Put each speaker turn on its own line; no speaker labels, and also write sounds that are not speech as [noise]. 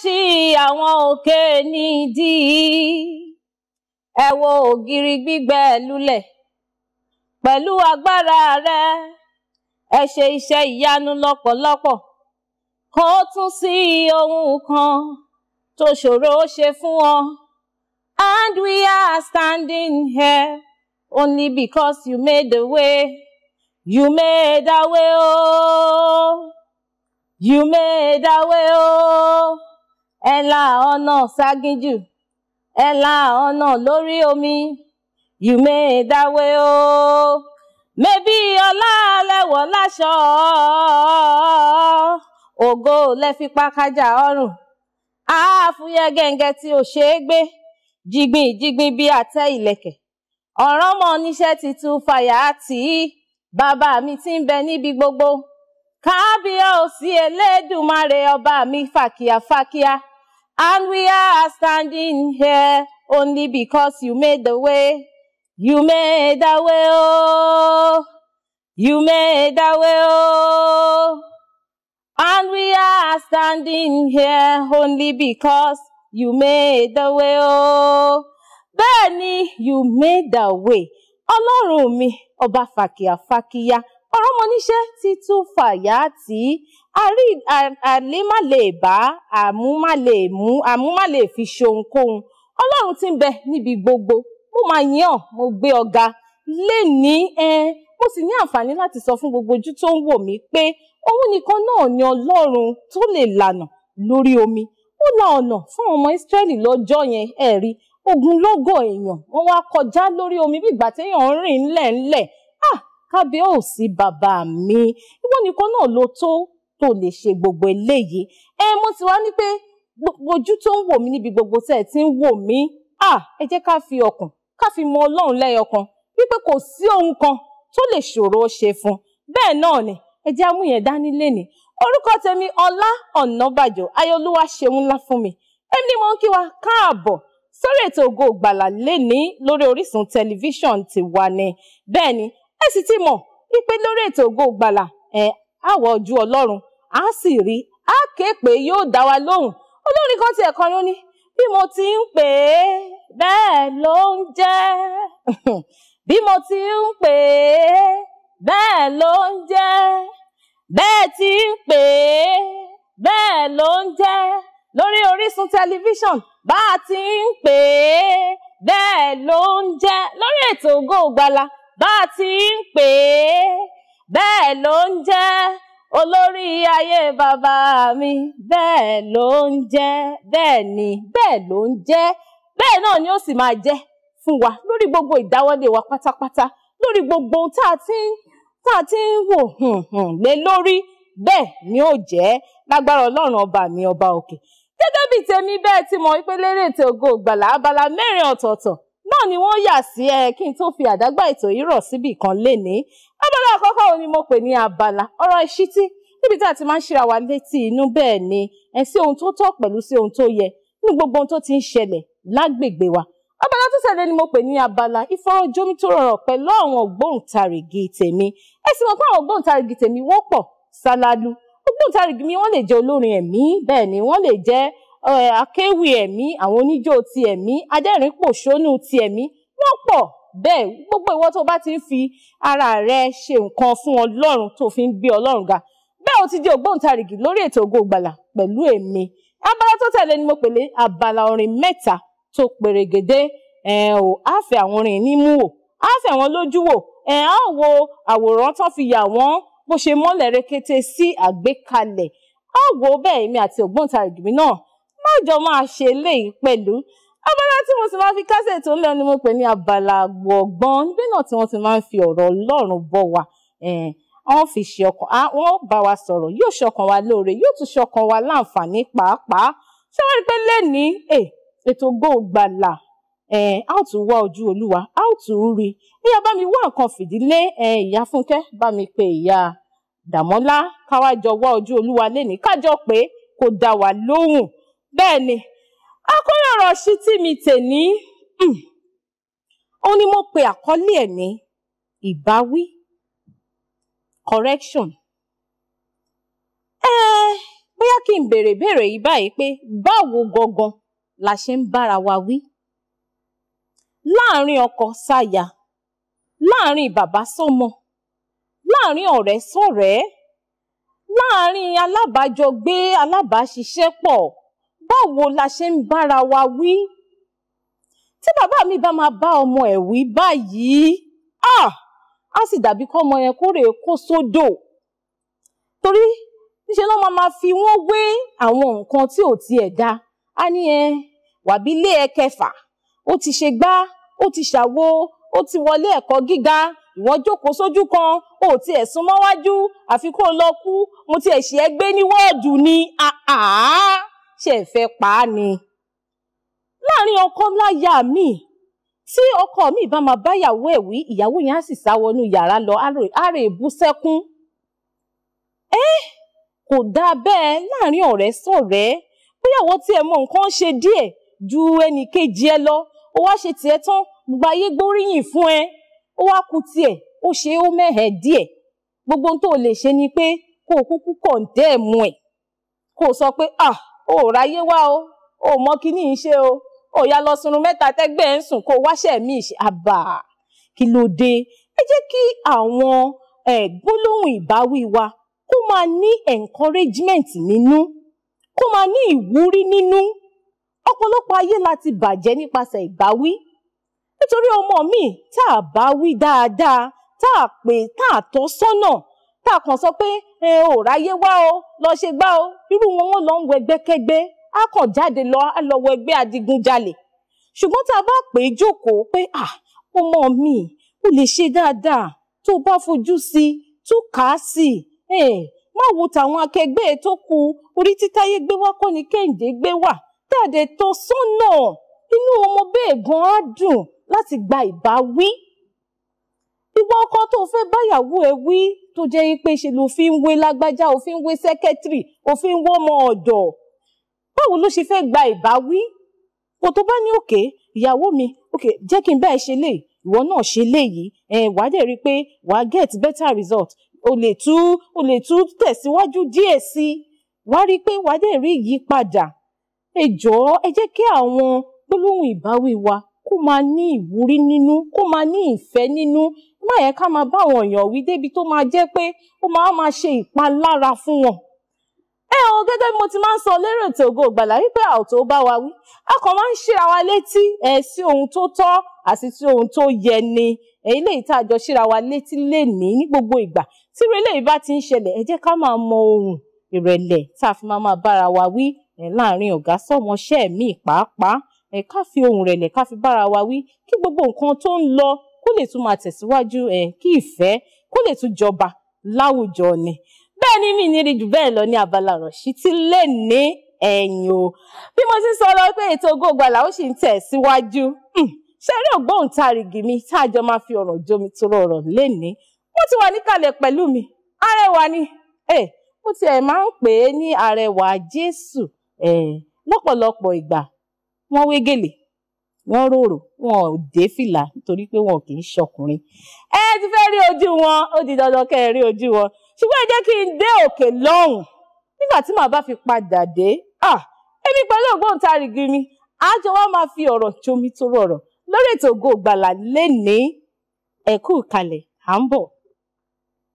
sí àwọn òkè nídìí ẹ wo ògiri gbígbẹ lulẹ̀ pẹ̀lú agbára rẹ ẹ ṣe iṣẹ́ ìyanu lọ́pọ̀lọpọ̀ kó tún sí ohun kan tó ṣòro ṣe fún wọn and we are standing here only because you made a way you made a way oh you made a way oh ẹ la ọ̀nà ságíjù ẹ la ọ̀nà lórí omi you may that way o oh. mẹ́bí ọlá lẹ́wọ̀ láṣọ ògo lẹ́fi pákájà ọrùn àáfúyẹ́ gẹ́gẹ́ tí ò ṣeé gbé jigbin jigbin bí àtẹ ìlẹ̀kẹ̀ ọ̀ràn mọ́ oníṣẹ́ ti tún fàyà tì í bàbá mi ti ń bẹ níbi gbogbo kábíyà ò ọba mi fàkíyàfàkíyà. And we are standing here only because you made the way. You made the way, oh. You made the way, oh. And we are standing here only because you made the way, oh. Bẹ́ẹ̀ni, you made the way. Ọlọ́run mi, ọba fàkìyà fàkìyà, ọ̀rọ̀ mọ ti tún fàyà tì àrí àlè má lè bá àmú má lè mú àmú má lè fi ṣe ohunkóhun ọlọ́run ti ń bẹ níbi gbogbo mo máa yìn ọ́ mo gbé ọ ga lénìí ẹ mo sì ní àǹfààní láti sọ fún gbogbo ojú tó ń wò mí pé òun nìkan náà ni ọlọ́run tó lè lànà lórí omi ó la ọ̀nà fún ọmọ Ísírẹ́lì lọ́jọ́ yẹn ẹ̀rí ogunlọ́gọ̀ èèyàn wọ́n wá kọjá lórí omi bí ìgbà téèyàn ń rìn ńlẹ̀ ah kábíyèsí bàbá mi ìwọ nìkan náà ló tó tó lè ṣe gbogbo eléyìí ẹ mo ti wá ní pé ojú tó ń wò mí níbi gbogbo tẹ́ ẹ ti ń wò mí à ẹ jẹ́ ká fi ọkàn ká fi mọ Ọlọ́run lẹ́yọkan wípé kò sí ohun kan tó lè ṣòro ṣe fún bẹ́ẹ̀ náà ni ẹ jẹ́ amú yẹn dání lénìí orúkọ tèmi Ọlá Ọ̀nàbàjọ́ Ayọ̀olúwa ṣeun ńlá fún mi èmi ni mo ń kí wa káàbọ̀ sórí ètò Ògo Ìgbàlà lénìí lórí Orísun tẹlifíṣàn ti wà ní bẹ́ẹ̀ ni ẹ sì ti mọ̀ wípé lórí ètò Ògo Ìgbàlà ẹ àwọ̀ ojú Ọlọ́run A sì rí á ké pé yóò dá wa lóhùn olórin kan tiẹ̀ kan ló ní bí mo ti ń pè é bẹ́ẹ̀ ló ń jẹ́ [laughs] bí mo ti ń pè é bẹ́ẹ̀ ló ń jẹ́ bẹ́ẹ̀ ti ń pè é bẹ́ẹ̀ ló ń jẹ́ lórí Orísun tẹlifíṣàn bá a ti ń pè é bẹ́ẹ̀ ló ń jẹ́ lórí ètò Ògo bá a ti ń pè é bẹ́ẹ̀ ló ń jẹ́ olórí ayé bàbá mi bẹ́ẹ̀ ló ń jẹ́ bẹ́ẹ̀ ni bẹ́ẹ̀ ló ń jẹ́ bẹ́ẹ̀ náà ni ó sì máa jẹ́ fún wa lórí gbogbo ìdáwọ́lé wa pátápátá lórí gbogbo ohun tá a ti ń tá a ti ń wò lé lórí bẹ́ẹ̀ ni ó jẹ́ lágbára ọlọ́run ọba mi ọba òkè gẹ́gẹ́ bíi tèmi bẹ́ẹ̀ ti mọ̀ wípé lérè ètò Ògo Ìgbàlà mẹ́rin ọ̀tọ̀ọ̀tọ̀ náà ni wọ́n yà sí ẹ kí n tó fi àdágbà ètò yìí rọ̀ síbì kan lénìí abala àkọ́kọ́ òní mo pè ní abala ọ̀rọ̀ ìṣítí níbi tí a ti máa ń ṣíra wa létí inú bẹ́ẹ̀ ni ẹ sí ohun tó tọ́ pẹ̀lú sí ohun tó yẹ nínú gbogbo ohun tó ti ń ṣẹlẹ̀ lágbègbè wa abala tó tẹ̀lé ni mo pè ní abala ìfọ̀rọ̀jomi tó rọrọ̀ pẹ̀lú àwọn ògbóǹtarìgì tèmi ẹ sì mọ̀ pé àwọn ògbóǹtarìgì tèmi wọ́pọ̀ ṣáláàlú ògbóǹtarìgì mi wọ́n lè jẹ́ olórin ẹ̀mí bẹ́ẹ̀ ni wọ́n lè jẹ́ akéwì ẹ̀mí àwọn oníjó ti ẹ̀mí adẹ́rìnpòṣónú ti ẹ̀mí wọ́n pọ̀ bẹ́ẹ̀ gbogbo ìwọ tó bá ti ń fi ara rẹ ṣe nǹkan fún ọlọ́run tó fi ń gbé ọlọ́run ga bẹ́ẹ̀ o ti di ògbóǹtarìgì lórí ètò Ògo Ìgbàlà pẹ̀lú èmi abala tó tẹ̀lé ni mo pè lé abala orin mẹ́ta tó pèrègèdè ẹ ò á fẹ́ àwọn orin nímú wò á fẹ́ àwọn lójú wò ẹ á wo àwòrán tán fi yà wọ́n bó ṣe mọ́lẹ̀ rekete sí àgbékalẹ̀ á wo bẹ́ẹ̀ èmi àti ògbóǹtarìgì mi náà má jọ máa ṣe eléyìí pẹ̀lú abala tí mo ti máa fi kásẹ̀ tó ń lẹ́nu ni mo pè ní abala gbọ̀ngbọ́n níbẹ̀ náà tí wọ́n ti máa ń fi ọ̀rọ̀ ọlọ́run bọ̀ wá wọ́n fi ṣe ọkàn wọ́n bá wa sọ̀rọ̀ yóò ṣọkàn wa lóore yóò tún ṣọkàn wa láǹfààní pàápàá ṣé wọ́n rí pé lẹ́ni ètò gbòògbàlà a ó tún wá ojú olúwa a ó tún rí i ìyá bá mi wá nǹkan fìdílé ìyá fúnkẹ́ bá mi pe ìyá dàmọ́lá káwájọ wá ojú olúwa lẹ́ni kájọ pé kò dá wa lóhùn bẹ́ẹ̀ ni akọ́lé ọ̀rọ̀ sí tí mi tè ní òun ni mo pe àkọ́lé ẹ̀ ní ìbáwí correction ẹ bóyá kí n bèrè béèrè yìí báyìí pé báwo gangan la ṣe ń bára wa wí láàárín ọkọ sáya láàárín bàbá sọ́mọ láàárín ọ̀rẹ́ sọ̀rẹ́ láàárín alábàájọgbé alábàáṣiṣẹ́pọ̀ báwo la ṣe ń bára wa wí tí bàbá mi bá máa bá ọmọ ẹ̀ wí báyìí á sì dàbí kọ́ ọmọ yẹn kó rè kó sódò torí níṣẹ́ ló máa fi wọ́n wé àwọn nǹkan tí ò tiẹ̀ da á ní ẹ wàbí lé ẹ kẹfà ó ti ṣe gbá ó ti ṣàwo ó ti wọlé ẹ̀kọ́ gíga ìwọ́n jókòó sójú kan ó ti ẹ̀sùn mọ́wájú àfi kó lọ kú mo ti ẹ̀ ṣe ẹgbẹ́ ní wọ́ọ̀dù ni àá ṣe fẹ́ pa á ni. láàrin ọkọ láyà mi tí ọkọ mi bá máa báyàwó ẹ̀ wí ìyàwó yẹn á sì sá wọnú yàrá lọ àárẹ̀ èbú sẹ́kún. ẹ kò dáa bẹ́ẹ̀ láàrin ọ̀rẹ́ sọ̀rẹ́ bóyàwó tiẹ̀ mọ nǹkan ṣe díẹ̀ ju ẹnì kejì ẹ lọ ó wá ṣe tiẹ̀ tán gbogbo ayé gbóríyìn fún ẹ ó wá ku tiẹ̀ ó ṣe ó mẹ́hẹ̀ díẹ̀ gbogbo ohun tó lè ṣe ni pé kó o kúkú kọ̀ǹdẹ́ẹ̀mù ẹ̀ kó o sọ pé ah o ò ráyé wá o o mọ kíní yìí ṣe o o ya lọ sunrun mẹ́ta tẹ́gbẹ́ ẹ̀ ń sùn kó wáṣẹ́ mi ṣe àbà kí ló dé ẹ jẹ́ kí àwọn gbólóhùn ìbáwí wa kó máa ní encouragement nínú kó máa ní ìwúrí nínú ọ̀pọ̀lọpọ̀ ayé láti bàjẹ́ nípasẹ̀ ìbáwí nítorí ọmọ mi tá a bá wí dáadáa tá a pè tá a tọ́ sọ́nà ká kàn sọ pé ẹ ò ráyé wá o lọ ṣe gbá o irú wọn wọn lọ ń wọ ẹgbẹ́kẹ́gbẹ́ á kàn jáde lọ á lọ wọ ẹgbẹ́ adigunjalè ṣùgbọ́n tá a bá pè é jókòó pé à ọmọ mi ò lè ṣe dáadáa tó bá fojú sí tó kà á sí má wo tàwọn akẹgbẹ́ ẹ tó kù orí títáyé gbé wá kọ́ ni kẹ́hìndé gbé wà tàdé tó sọ́nà inú ọmọ bẹ́ẹ̀ gan-an á dùn láti gba ìbáwí ìwọ ọkọ tó fẹ́ báyàwó ẹ wí tó jẹ́ pé ṣe ló fi ń wé lágbájá ó fi ń wé sẹ́kẹ́tìrì ó fi ń wọ́mọ ọ̀dọ̀ báwo ló ṣe fẹ́ gba ìbáwí kò tó bá ní òkè ìyàwó mi òkè jẹ́ kí n bá ẹ ṣe lè ìwọ náà ṣe léyìí ẹ̀ wàá dẹ̀ rí i pé wàá get better result o lè tún o lè tún tẹ̀síwájú díẹ̀ sí i wàá rí i pé wàá dẹ̀ rí ìyípadà ẹ jọ̀ọ́ ẹ jẹ́ kí àwọn gbólóhùn ìbáwí wa kó máa ní ìwúrí nínú kó máa ní ìfẹ́ nínú má yẹ ká máa bá àwọn èèyàn wí débi tó máa jẹ́ pé ó máa máa ṣe ìpalára fún wọn. ẹ ọ gẹ́gẹ́ bí mo ti máa ń sọ lérò ètò Ògo Ìgbàlà wípé àòtó bá wa wí a kàn máa ń ṣíra wa létí ẹ sí ohun tó tọ́ àti sí ohun tó yẹ ni eléyìí tá a jọ ṣíra wa létí lénìí ní gbogbo ìgbà tí eléyìí bá ti ń ṣẹlẹ̀ ẹ jẹ́ ká máa mọ ohun ìrẹ̀lẹ̀ tá a fi máa máa bára wa wí láàrin ọ̀gá sọ́mọṣẹ́ mi pàápàá ẹ ká fi ohun ìrẹ̀lẹ̀ ká fi bára wa wí kí gbogbo nǹkan tó ń lọ kó lè tún máa tẹ̀síwájú ẹ̀ kí ìfẹ́ kó lè tún jọba láwùjọ ni bẹ́ẹ̀ ni mi ní rí jù bẹ́ẹ̀ lọ ní abala ọ̀rọ̀ sí ti lè ní ẹ̀yìn o bí mo ti sọ lọ pé ètò Ògo Ìgbàlà ó sì ń tẹ̀síwájú hmm, ṣe eré ògbóǹtarìgì mi tá a jọ máa fi ọ̀rọ̀ jomi toro ọ̀rọ̀ lénìí mo ti wà níkàlẹ̀ pẹ̀lú mi arẹwà ni mo ti ẹ̀ máa ń pè é ní arẹwà Jésù lọ́pọ̀lọpọ̀ ìgbà wọ́n wé gèlè wọ́n rorò wọn ò dé fìlà nítorí pé wọn kì í ṣọkùnrin ẹ ti fẹ́ rí ojú wọn ó di dandan kẹ́ ẹ rí ojú wọn ṣùgbọ́n ẹ jẹ́ kí n dé òkè lọ́hùn nígbà tí màá bá fi padà dé èmi pẹ̀lú ògbóǹtarìgì mi àjọ wa máa fi ọ̀rọ̀ jomi tó rọ̀rọ̀ lórí ètò Ògo Ìgbàlà lénìí ẹ̀kú ìkàlẹ̀ à ń bọ̀.